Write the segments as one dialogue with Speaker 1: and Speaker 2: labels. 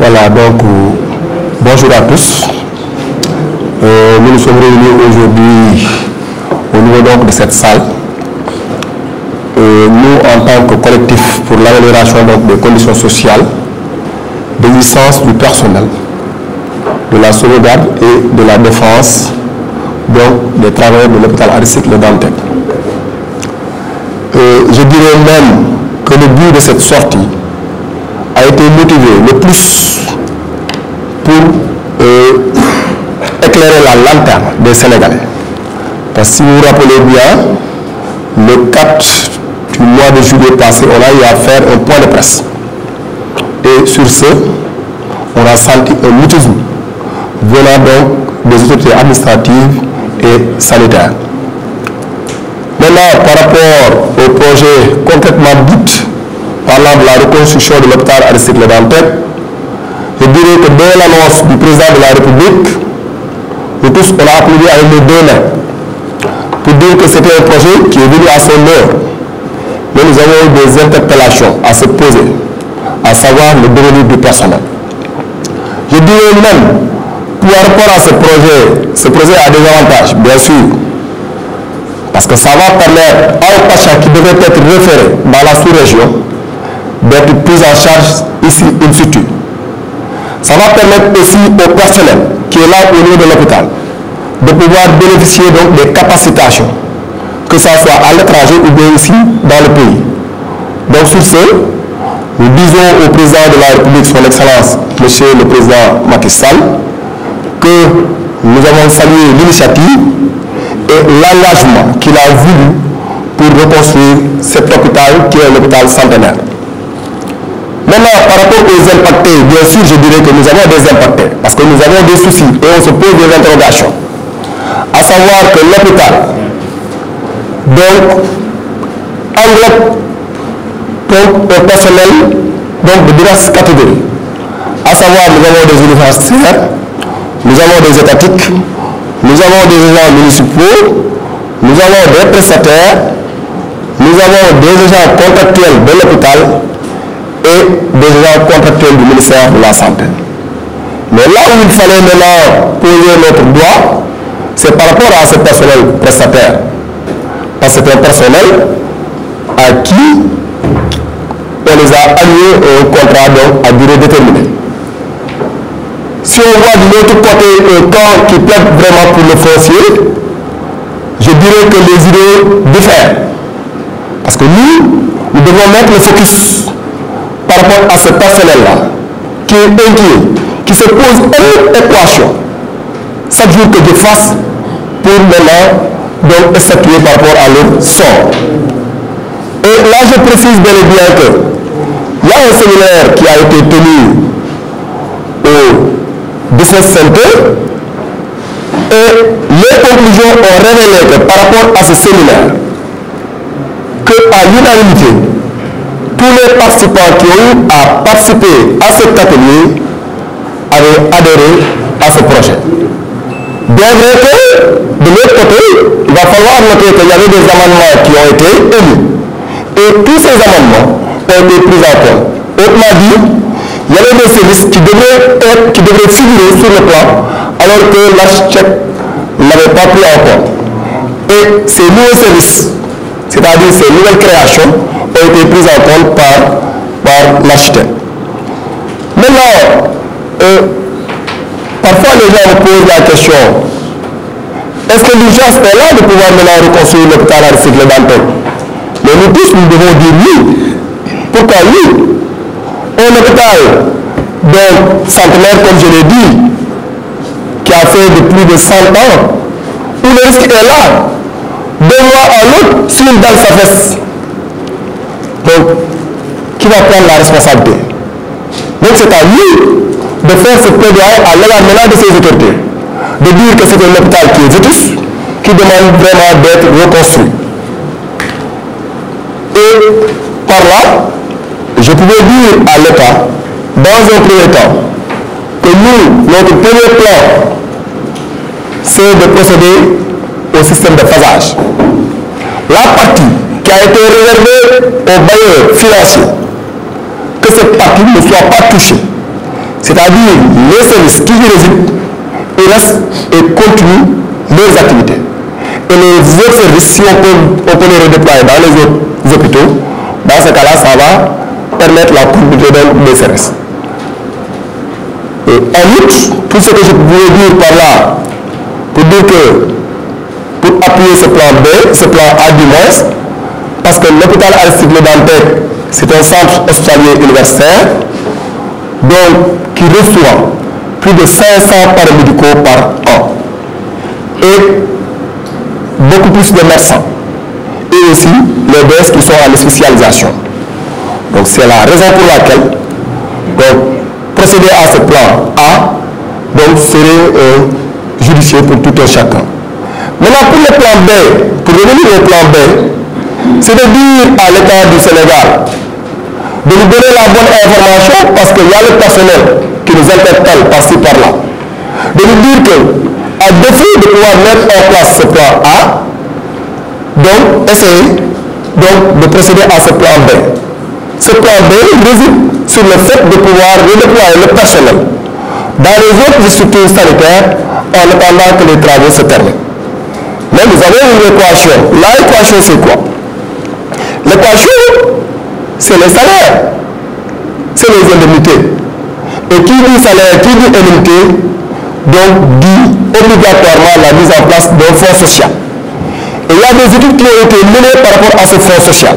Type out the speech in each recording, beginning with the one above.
Speaker 1: Wala donk, bonjou da tous Eee, mouni sou mouni Mouni noujou di Eee, mouni sou mouni au niveau de cette salle. Euh, nous, en tant que collectif pour l'amélioration des conditions sociales, des licences du personnel, de la sauvegarde et de la défense donc des travailleurs de l'hôpital Aristide le Dantec. Euh, je dirais même que le but de cette sortie a été motivé le plus pour euh, éclairer la lanterne des Sénégalais. Parce que si vous vous rappelez bien, le 4 du mois de juillet passé, on a eu à faire un point de presse. Et sur ce, on a senti un mutisme venant donc des autorités administratives et sanitaires. Maintenant, par rapport au projet concrètement dit, parlant de la reconstruction de l'hôpital Aristide Dantec, je dirais que dans l'annonce du président de la République, nous tous, on a appelé à une pour dire que c'était un projet qui est venu à son heure. Mais nous avons eu des interpellations à se poser, à savoir le devenir du personnel. Je dirais même, pour rapport à ce projet, ce projet a des avantages, bien sûr. Parce que ça va permettre aux patients qui devait être référé dans la sous-région d'être pris en charge ici in situ. Ça va permettre aussi au personnel qui est là au niveau de l'hôpital de pouvoir bénéficier donc des capacitations, que ce soit à l'étranger ou bien ici dans le pays. Donc sur ce, nous disons au président de la République, son Excellence, Monsieur le Président Macky que nous avons salué l'initiative et l'engagement qu'il a voulu pour reconstruire cet hôpital qui est l'hôpital centenaire. Maintenant, par rapport aux impactés, bien sûr, je dirais que nous avons des impactés, parce que nous avons des soucis et on se pose des interrogations à savoir que l'hôpital, donc, englobe donc, personnel donc, de diverses catégories. À savoir, nous avons des universitaires, nous avons des étatiques, nous avons des agents municipaux, nous avons des prestataires, nous avons des agents contractuels de l'hôpital et des agents contractuels du ministère de la Santé. Mais là où il fallait maintenant poser notre doigt, c'est par rapport à ce personnel prestataire. Parce que c'est un personnel à qui on les a alliés au contrat à durée déterminée. Si on voit de l'autre côté un camp qui plaît vraiment pour le foncier, je dirais que les idées diffèrent. Parce que nous, nous devons mettre le focus par rapport à ce personnel-là, qui est inquiet, qui se pose une équation chaque que je fasse pour maintenant donc statuer par rapport à leur sort. Et là, je précise bien et bien que il y a un séminaire qui a été tenu au Business Center et les conclusions ont révélé que par rapport à ce séminaire, que à l'unanimité, tous les participants qui ont participé à participer à cet atelier avaient adhéré à ce projet de l'autre côté, il va falloir noter qu'il y avait des amendements qui ont été émis. Et tous ces amendements ont été pris en compte. Autrement dit, il y avait des services qui devraient, être, qui sur le plan, alors que l'architecte n'avait pas pris en compte. Et ces nouveaux services, c'est-à-dire ces nouvelles créations, ont été pris en compte par, par l'architecte. Maintenant, euh, Parfois, les gens posent la question est-ce que l'urgence est là de pouvoir maintenant reconstruire l'hôpital à recycler d'Anton Mais nous tous, nous devons dire oui. Pourquoi oui Un hôpital donc centenaire, comme je l'ai dit, qui a fait de plus de 100 ans, où le risque est là, deux mois à l'autre, sur une dalle sa Donc, qui va prendre la responsabilité Donc, c'est à lui de faire ce plaidoyer à l'égard de ces autorités, de dire que c'est un hôpital qui est vétus, qui demande vraiment d'être reconstruit. Et par là, je pouvais dire à l'État, dans un premier temps, que nous, notre premier plan, c'est de procéder au système de phasage. La partie qui a été réservée aux bailleurs financiers, que cette partie ne soit pas touchée c'est-à-dire, les services qui résident, et continuent leurs activités. Et les autres services, si on peut, les redéployer dans les autres hôpitaux, dans ce cas-là, ça va permettre la continuité des services. Et en outre, tout ce que je voulais dire par là, pour dire que, pour appuyer ce plan B, ce plan A du moins, parce que l'hôpital Aristide-Le c'est un centre hospitalier universitaire, donc qui reçoit plus de 500 paramédicaux par an et beaucoup plus de médecins et aussi les baisses qui sont à la spécialisation. Donc c'est la raison pour laquelle procéder à ce plan A donc, serait euh, judicieux pour tout un chacun. Maintenant pour le plan B, pour revenir au plan B, c'est de dire à l'État du Sénégal de nous donner la bonne information parce qu'il y a le personnel qui nous interpelle par-ci par-là. De nous dire que, à défaut de pouvoir mettre en place ce plan A, donc essayez donc, de procéder à ce plan B. Ce plan B réside sur le fait de pouvoir redéployer le personnel dans les autres structures sanitaires en attendant que les travaux se terminent. Mais vous avez une équation. L'équation c'est quoi L'équation, c'est les salaires, c'est les indemnités. Et qui dit salaire, qui dit indemnité, donc dit obligatoirement la mise en place d'un fonds social. Et il y a des études qui ont été menées par rapport à ce fonds social.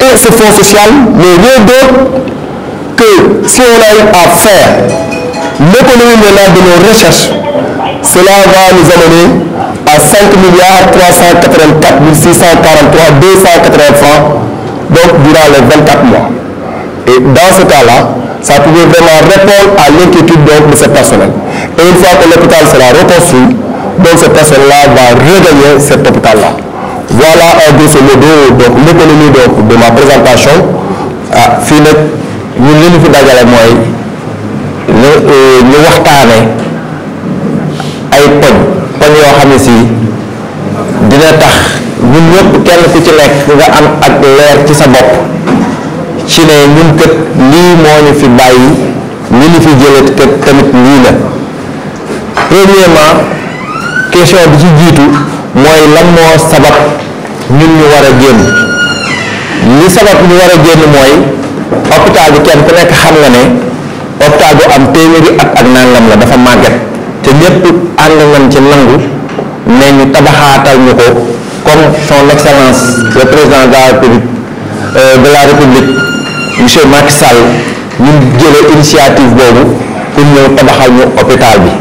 Speaker 1: Et ce fonds social n'est rien d'autre que si on arrive à faire l'économie de nos recherches, cela va nous amener à 5 milliards durant les 24 mois. Et dans ce cas-là, ça pouvait vraiment répondre à l'inquiétude de ce personnel. Et une fois que l'hôpital sera reconstruit, donc cette personne-là va regagner cet hôpital-là. Voilà un le modo donc l'économie de ma présentation. ah nous nous ñun li fi dajale euh, ñëpp kenn ku ci nekk nga am ak leer ci sa bopp ci ne ñun kët lii moo ñu fi bàyyi li ñu fi jëlee kët tamit lii la premièrement question bi ci jiitu mooy lan moo sabab ñun ñu war a génn li sabab ñu war a génn mooy hôpital bi kenn ku nekk xam nga ne hôpital bu am téeméeri ak nangam la dafa màgget te ñëpp ànd nañ ne ñu tabaxaatal ñu ko comme son excellence le président de la République euh, de la monsieur Macky Sall ñu jëlee initiative boobu pour ñëw tabaxal ñu hôpital bi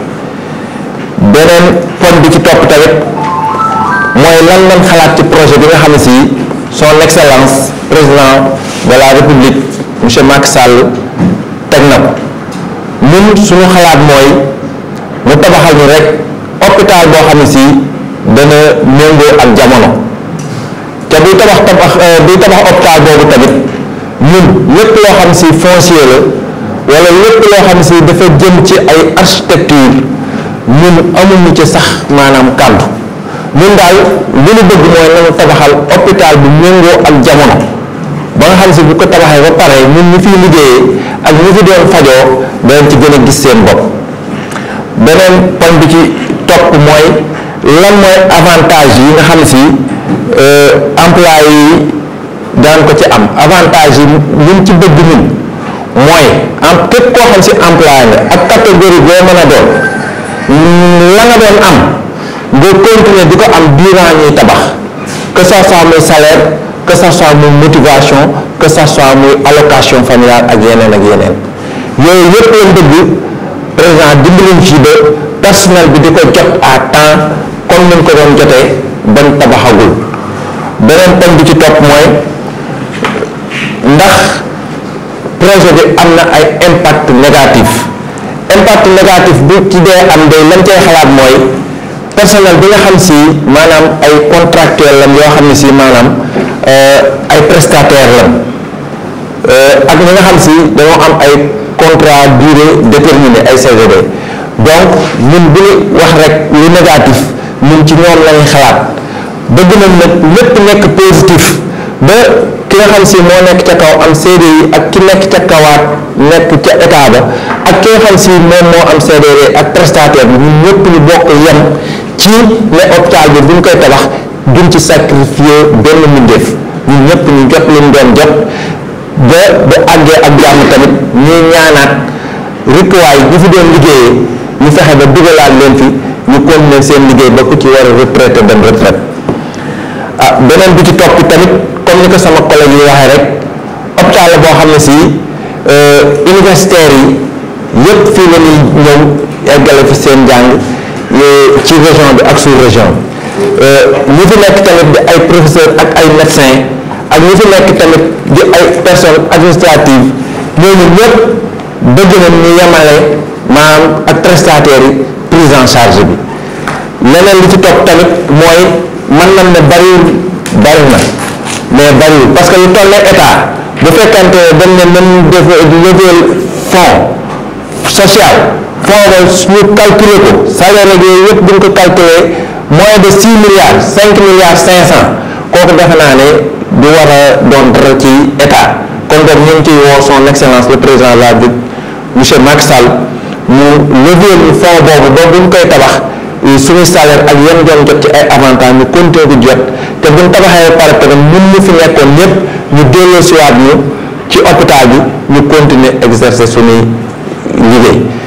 Speaker 1: beneen poñ bi ci topp tamit mooy lan lañ xalaat ci projet bi nga xam ne si son excellence président de la République monsieur Macky Sall teg na ko ñun suñu xalaat mooy mu tabaxal ñu rek hôpital boo xam ne si dana méngoo ak jamono te buy tabax tabax euh, buy tabax hôpital boobu tamit ñun lépp loo xam si foncier la wala lépp loo xam si dafa jëm ci ay architecture ñun amuñu ci sax maanaam kàddu ñun daal li ñu bëgg mooy nañu tabaxal hôpital bu méngoo ak jamono ba nga xam si bu ko tabaxee ba pare ñun ñu fiy liggéeyee ak ñu fi doon fajoo danañ ci gën a gis seen bopp beneen poñ bi ci topp mooy lan mooy avantage yi nga xam ne si euh, employé yi daan ko ci am avantage yi ñun ci bëgg ñun mooy am képp koo xam si employé nga ak catégorie boo mën a doon la nga doon am nga continuer di ko am durant ñuy tabax que ça soit muy salaire que ça soit muy motivation que ça soit muy allocation familiale ak yeneen ak yeneen yooyu yëpp bëgg président dimbaliñ ci ba personnel bi di ko jot à temps kon ni ko doon jotee bañ tabaxagul beneen thème bi ci topp mooy ndax projet bi am na ay impact négatif impact négatif bu ci dee am day lañ cay xalaat mooy personnel bi nga xam si maanaam ay contractuel lañ yoo xam ne si maanaam euh, ay prestataire lañ euh, ak ñi nga xam si dañoo am ay contrat durée déterminée ay CDD donc ñun bu ñu wax rek lu négatif ñun ci ñoom lañuy xalaat bëgg a nag lépp nekk positif ba ki nga xam si moo nekk ca kaw am CDI ak ki nekk ca kawaat nekk ca état ba ak ki nga xam moom moo am CDD ak prestataire bi ñun ñëpp ñu bokk yem ci ne hôpital bi bu koy tabax duñ ci sacrifier benn mbindeef ñun ñëpp ñu jot liñ doon jot ba bu àggee ak jàmm tamit ñuy ñaanaat rituwaay yi fi doon liggéeyee ñu fexe ba dugalaat leen fi ñu continuer seen liggéey ba ku ci war a retraité dem retraite ah beneen bi ci topp tamit comme ni ko sama collègue yi waxee rek hôpital la boo xam ne si euh, universitaires yi yëpp fii la ñuy ñëw eggale fi seen njàng ci région bi ak sous région euh, ñu fi nekk tamit bi ay professeur ak ay médecins ak ñu fi nekk tamit di ay personnes administratives ñooñu ñëpp bëgg nañ ñu yemale maanaam ak prestataires yi prise en charge bi leneen li ci topp tamit mooy man nañ ne bariwul bari na mais bariwul parce que lu toll ne état bu fekkante dañ ne mën def level fonds social fonds ba ñu calculer ko salaire ak yooyu yëpp bu ñu moins de six milliards cinq milliards cinq cent kooku defe naa ne doon dara ci état kon donc ñu ngi ciy woo son excellence le président de la République monsieur Macky Sall mu lever ñu fond boobu ba buñ koy tabax suñu salaire ak yan doon jot ci ay avantages ñu continuer di jot te buñ tabaxee pare pare ñun ñu fi nekkoon ñëpp ñu delloo siwaat ñu ci hôpital bi ñu continuer exercer suñuy liggéey